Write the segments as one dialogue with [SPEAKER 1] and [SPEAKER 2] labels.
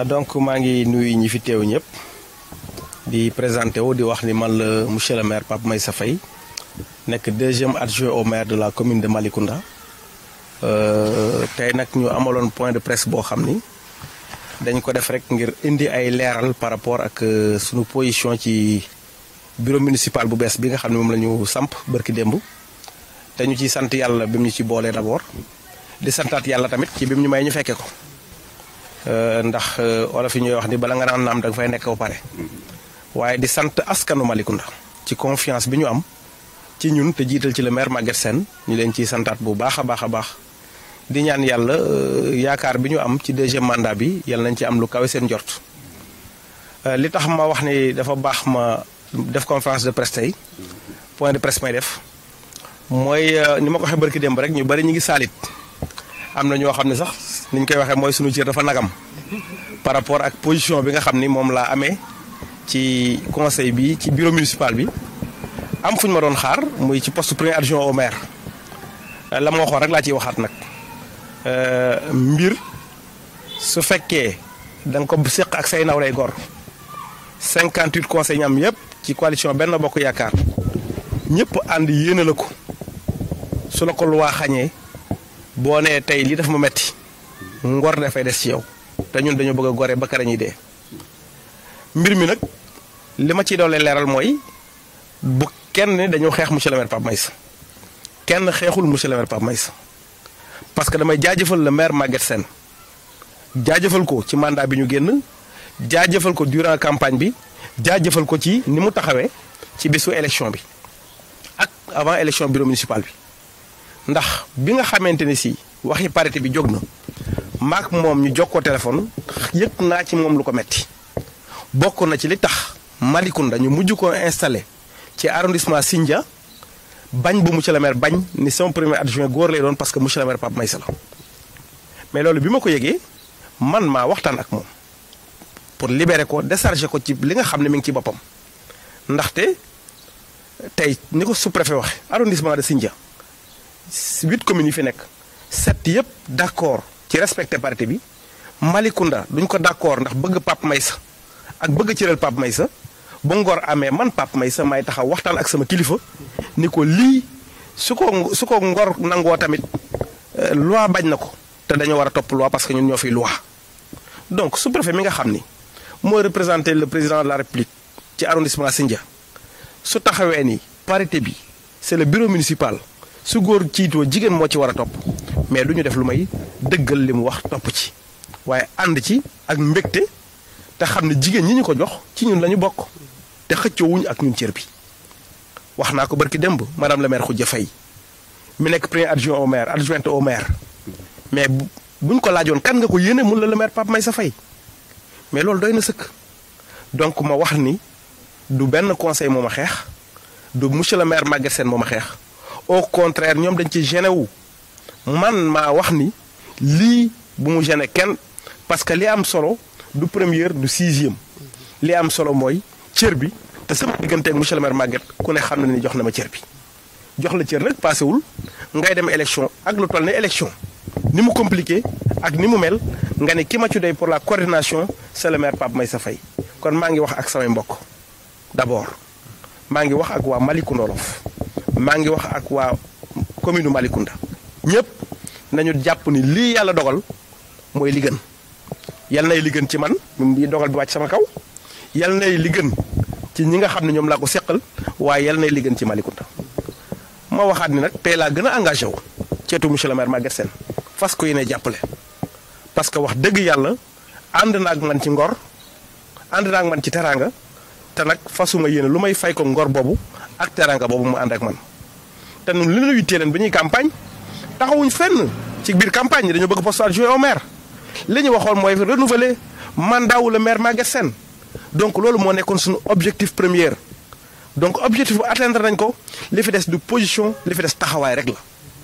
[SPEAKER 1] Euh, donc maa ngi nuyu ñi fi teew ñëpp di présenté wu di wax ni man la monsieur le maire Pape Meissa Faye nekk deuxième adjoint au maire de la commune de Malicounda euh, tey nag ñu amaloon point de presse boo xam ni dañ ko def rek ngir indi ay leeral par rapport ak euh, sunu position ci bureau municipal bu bees bi nga xam ne moom la ñu samp bërki démb te ñu ciy sant yàlla bi mu ñu ci boolee d'abord di santaat yàlla tamit ci bi mu ñu may ñu fekkee ko Euh, ndax euh, olof yi ñuy wax ni bala nga naan naam da fay nekk ba pare. waaye di sant askanu Malicounda ci confiance bi ñu am ci ñun te jiital ci le maire seen ñu leen ciy santaat bu baax a baax a baax di ñaan yàlla euh, yaakaar bi ñu am ci deuxième mandat bi yàlla nañ ci am lu kawe seen jort. li tax ma wax ni dafa baax ma def conférence de presse tey point de presse may def mooy ni ma ko waxee barki démb rek ñu bari ñu ngi saalit am na ñoo xam ne sax. niñ koy waxee mooy sunu cër dafa nagam par rapport ak position bi nga xam ni moom laa amee ci conseil bi ci bureau municipal bi am fu ñu ma doon xaar muy ci post premier adjoint au maire la ma waxoon rek laa ciy waxaat nag euh, mbir su fekkee da nga ko séq ak say naw lay gor 58 conseil ñam yëpp ci coalition benn bokk yaakaar ñëpp ànd yéene la ko su la ko luwaa xañee boo nee tey lii dafa ma metti ngor dafay des ci yow te ñun dañoo bëgg a gore ba kara ñuy dee mbir mi nag li ma ciy doole leeral mooy bu kenn ni dañoo xeex monsieur le maire Pape kenn xeexul monsieur le maire Pape parce que damay jaajëfal le maire Maguette Sène jaajëfal ko ci mandat bi ñu génn jaajëfal ko durant campagne bi jaajëfal ko ci ni mu taxawee ci bisu élection bi ak avant élection bureau municipal bi ndax bi nga xamante ne si waxi parité bi jóg na maak moom ñu ko téléphone yëg naa ci moom lu ko metti bokk na ci li tax Malicounda ñu mujj ko installé ci arrondissement Sindia bañ bu monsieur le bañ ni sama premier adjoint góor lay doon parce que monsieur le maire Pape Maïssa mais loolu bi ma ko yëgee man maa waxtaan ak moom pour libérer ko décharger ko ci li nga xam ne mi ngi ci boppam ndaxte tey ni ko sous-préfet waxe arrondissement de Sindia huit communes yi fi nekk sept yëpp d'accord ci respecte parité bi du ñu ko d'accord ndax bëgg papp may Maïssa ak bëgg cëral may Maïssa bu ngor amee man may sa may taxaw waxtaan ak sama kilifa ni ko lii su ko su ko ngor nangoo tamit euh, loi bañ na ko te dañoo war a topp loi parce que ñun ñoo fi loi donc sous mi nga xam ni mooy représenter le président de la république ci arrondissement Sindia su taxawee ni parité bi c'est le bureau municipal su góor jiitoo jigéen moo ci war a topp mais du ñu def lu may dëggal li mu wax topp ci waaye ànd ci ak mbégte te xam ne jigéen ñi ñu ko jox ci ñun la ñu bokk te xëccoo ak ñun cër bi wax naa ko barki démb madame la maire Khoudia Faye mi nekk premier adjoint au maire adjointe au maire mais buñ ko laajoon kan nga ko yéene mun la le maire Pape sa Faye mais loolu doy na sëkk donc ma wax ni du benn conseil moom ma xeex du monsieur le maire Maguette Sène xeex au contraire ñoom dañ ci gêné man maa wax ni lii bu mu gêné kenn parce que li am solo du première du sixième li am solo mooy cër bi te sama digganteeg monsieur le màgget Maguette ku ne xam na ni jox na ma cër bi jox la cër nag paasewul ngay dem élection ak lu toll ne élection ni mu compliqué ak ni mu mel nga ne ki ma ci pour la coordination c'est le maire Pape Maïssa kon maa ngi wax ak samay mbokk d'abord maa ngi wax ak waa Malick Ndolof maa ngi wax ak waa commune Malicounda ñëpp nañu jàpp ni lii yàlla dogal mooy li yal yàlla nay li gën ci man mi dogal bi wàcc sama kaw yal nay li gën ci ñi nga xam ne ñoom laa ko seqal waaye yàlla nay li gën ci Malicounda ma waxaat ni nag tey laa gën a engage wu ceetu monsieur le maire Maguette Sène fas ko yéene jàppale parce que wax dëgg yàlla ànd naa ak man ci ngor ànd na ak man ci teraanga te nag fasuma yéene lu may fay ko ngor boobu ak teraanga boobu mu ànd ak man te li ñu yittee leen ñuy campagne taxawuñ fenn ci biir campagne dañoo bëgg poste adjoint au maire li ñu waxoon mooy renouveler mandat wu le maire Maguette Sène donc loolu moo nekkoon suñu objectif première donc objectif bu atteindre nañ ko li fi des du position li fi des taxawaay rek la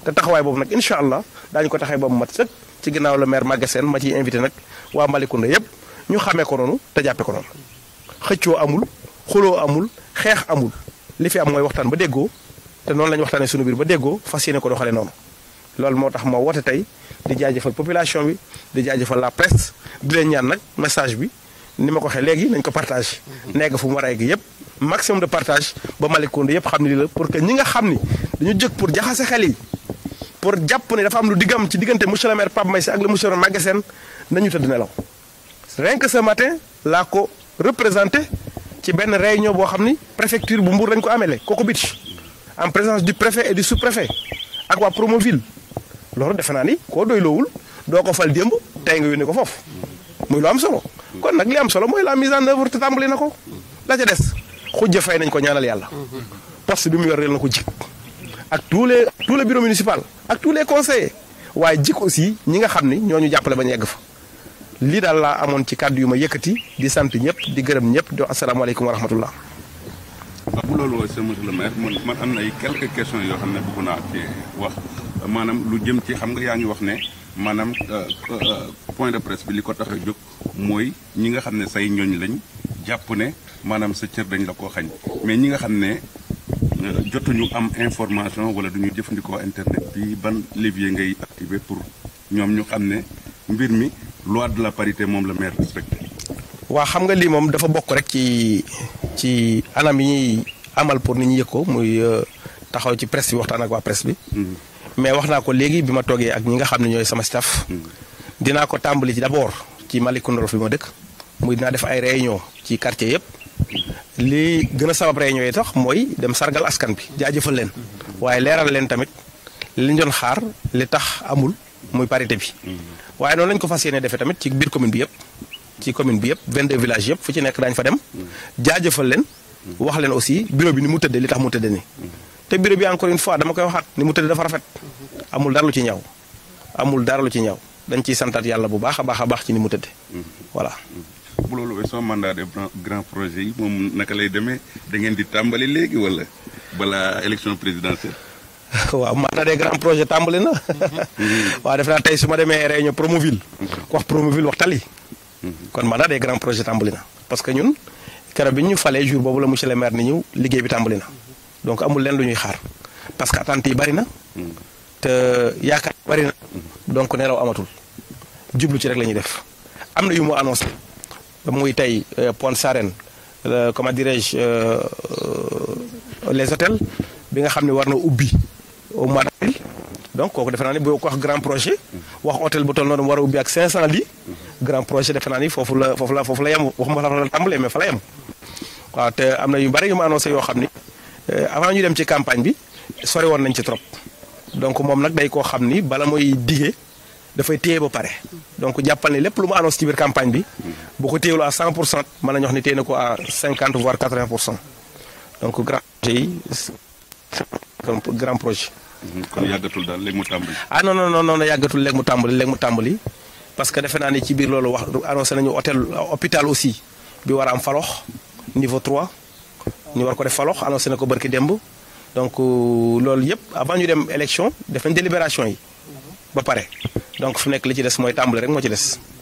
[SPEAKER 1] te taxawaay boobu nag incha allah daañu ko taxee ba mu mat sëkk ci ginnaaw le maire Maguette ma ciy invité nag waa Malicounda yëpp ñu xamee ko noonu te jàppe ko noonu xëccoo amul xuloo amul xeex amul li fi am mooy waxtaan ba déggoo te noonu la ñu waxtaanee suñu biir ba déggoo fas yéene ko doxalee noonu loolu moo tax moo woote tey di jaajëfal population bi di jaajëfal la presse di leen ñaan nag message bi ni ma ko waxee léegi nañ ko partage nekk fu mu war a egg yëpp maximum de partage ba Malicounda yëpp xam ne lii la pour que ñi nga xam ni dañu jëkk pour jaxase xel yi pour jàpp ne dafa am lu diggam ci diggante monsieur le maire Pape Maïssa ak le monsieur le Maguette Sène nañu tëdd nelaw rien que ce matin laa ko représenté ci benn réunion boo xam ni préfecture bu Mbour dañ ko amele kooku bit en présence du préfet et du sous-préfet ak waa Promoville loolu defe naa ni ko doyloowul doo ko fal démb tey nga yónnee ko foofu muy lu am solo kon nag li am solo mooy la mise en œuvre te tàmbali na ko la ca des xujja fay nañ ko ñaanal yàlla poste bi mu yore réel na ko jik ak tous les tous les bureaux municipal ak tous les conseillers waaye jik aussi ñi nga xam ni ñoo ñu jàppale ba ñu yegg fa lii daal laa amoon ci kàddu yu ma yëkkati di sant ñëpp di gërëm ñëpp di wax asalaamaaleykum wa waaw bu loolu waxee monsieur le maire man man am na ay quelques questions yoo xam ne bëgg naa ci wax maanaam lu jëm ci xam nga yaa ngi wax ne maanaam euh, euh, point de presse bi li ko tax a jóg mooy ñi nga xam ne say ñooñ lañ jàpp ne maanaam sa cër dañ la ko xañ mais ñi nga xam ne euh, jotuñu am information wala du ñu jëfandikoo internet bi ban levier ngay activer pour ñoom ñu xam ne mbir mi loi de la parité moom la maire respecté. waa xam nga lii moom dafa bokk rek ci ci anam yi ñuy amal pour nit ñi yëg ko muy euh, taxaw ci presse bi waxtaan ak waa presse bi. Mm-hmm. mais wax naa ko léegi bi ma toogee ak ñi nga xam ne ñooy sama staff. Mm-hmm. dinaa ko tàmbali ci d'abord ci Malicoundorof bi ma dëkk. muy dinaa def ay réunion ci quartier yëpp. Mm-hmm. li gën a sabab réunion yi tax mooy dem sargal askan bi jaajëfal leen. waaye leeral leen tamit liñ doon xaar li tax amul muy parité bi. waaye noonu lañ ko fas yéene defee tamit ci biir commune bi yëpp. ci commune bi yëpp 22 villages yëpp fu ci nekk daañu fa dem jaajëfal leen wax leen aussi bureau bi ni mu tëddee li tax mu tëddee ni te bureau bi encore une fois dama koy wax at ni mu tëddee dafa rafet amul dara lu ci ñaw amul dara lu ci ñaw dañ ciy santaat yàlla bu baax a baax a baax ci ni mu tëddee voilà. bu loolu weesoo mandat de grand projet yi moom naka lay demee da ngeen di tàmbali léegi wala balaa élection présidentielle. waaw mandat de grands projet tàmbali na. waaw def tey su ma demee réunion Promoville. ku wax Promoville wax tali. kon maanaam des grands projets tàmbali na parce que ñun keroog bi ñu falee jour boobu la monsieur le maire ni ñu liggéey bi tàmbali na donc amul leen lu ñuy xaar parce que attente yi bari na. te yaakaar bari na. donc nelaw amatul jublu ci rek la ñuy def am na yu mu annoncé muy tey euh, Pointe Sarène euh, comment dirais-je euh, les hôtels bi nga xam ni war na ubbi au mois d'avril donc kooku defe naa ne bu ko wax grand projet wax hôtel bu toll noonu war a ubbi ak 500 lits. grand projet defe naa ni foofu la foofu la foofu la yem waxuma la fa la tàmbalee mais fa la yem waaw te am na yu bari yu ma annoncé yoo xam ni euh, avant ñu dem ci campagne bi sore woon nañ ci trop donc moom nag day koo xam ni bala mooy digee dafay téye ba pare donc jàppal ni lépp lu ma annoncé ci biir campagne bi bu ko téyewul à cent pour cent mën a ñox ni téye na ko a 50 voire 80 pour cent donc grand projet yi grand projet. kon yàggatul daal léegi mu tàmbali. ah non non non yàggatul léegi mu tàmbali léegi mu tàmbali. parce que defe naa ne ci biir loolu wax annoncé nañu hôtel hôpital aussi bi war am falox niveau 3 ñu war ko def falox annoncé na ko barki demb donc euh, loolu yëpp avant ñu dem élection def nañ délibération yi ba pare donc fu nekk li ci des mooy tàmbali rek moo ci des